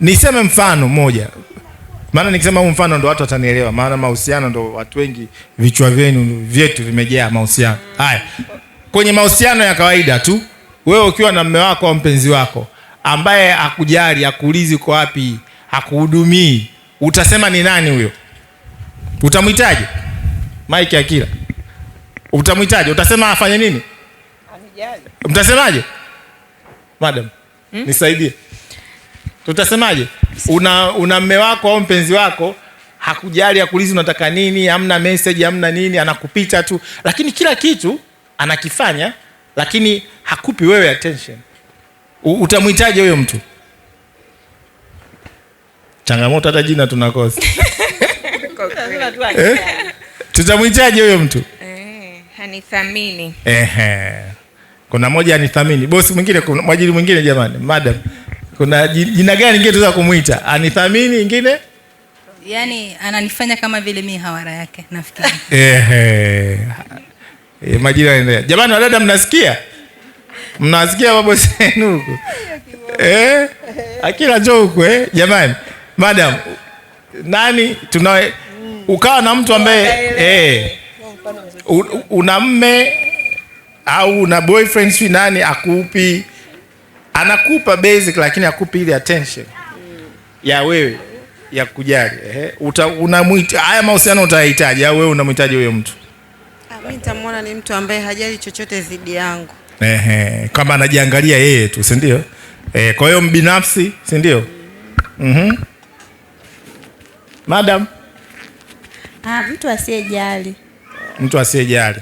Niseme mfano moja maana nikisema huu mfano ndo watu watanielewa, maana mahusiano ndo watu wengi vichwa vyenu vyetu vimejaa mahusiano haya. Kwenye mahusiano ya kawaida tu, wewe ukiwa na mme wako au mpenzi wako ambaye akujali akuulizi uko wapi, akuhudumii utasema ni nani huyo? Utamwitaje? Mike Akila, utamwitaje? Utasema afanye nini? Mtasemaje? Madam, hmm? nisaidie tutasemaje? Una, una mme wako au mpenzi wako hakujali, hakuulizi unataka nini, amna message, amna nini, anakupita tu, lakini kila kitu anakifanya, lakini hakupi wewe attention. Utamhitaji huyo mtu? Changamoto, hata jina tunakosa eh? Tutamhitaji huyo mtu eh? Hanithamini kuna moja anithamini bosi mwingine, kuna mwajiri mwingine. Jamani, madam kuna jina gani ingine tuweza kumwita? Anithamini ingine? yani, ananifanya kama vile mi hawara yake nafikiri. Eh. E, majina yanaendelea. Jamani wadada mnasikia? Mnasikia babo zenu huko? Eh? Akila njoo huko eh? Jamani. Madam, nani tuna ukawa na mtu ambaye eh una mme au una boyfriend si nani akupi anakupa basic, lakini akupi ile attention ya wewe ya kujali. Ehe, unamuita haya mahusiano utayahitaji au wewe unamhitaji huyo mtu? Mimi ah, nitamwona ni mtu ambaye hajali chochote dhidi yangu, ehe, kama anajiangalia yeye tu, si ndio? Eh, kwa hiyo mbinafsi, si ndio? Mhm, mm madam. Ah, mtu asiyejali, mtu asiyejali.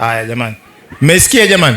Haya jamani, mmesikia jamani?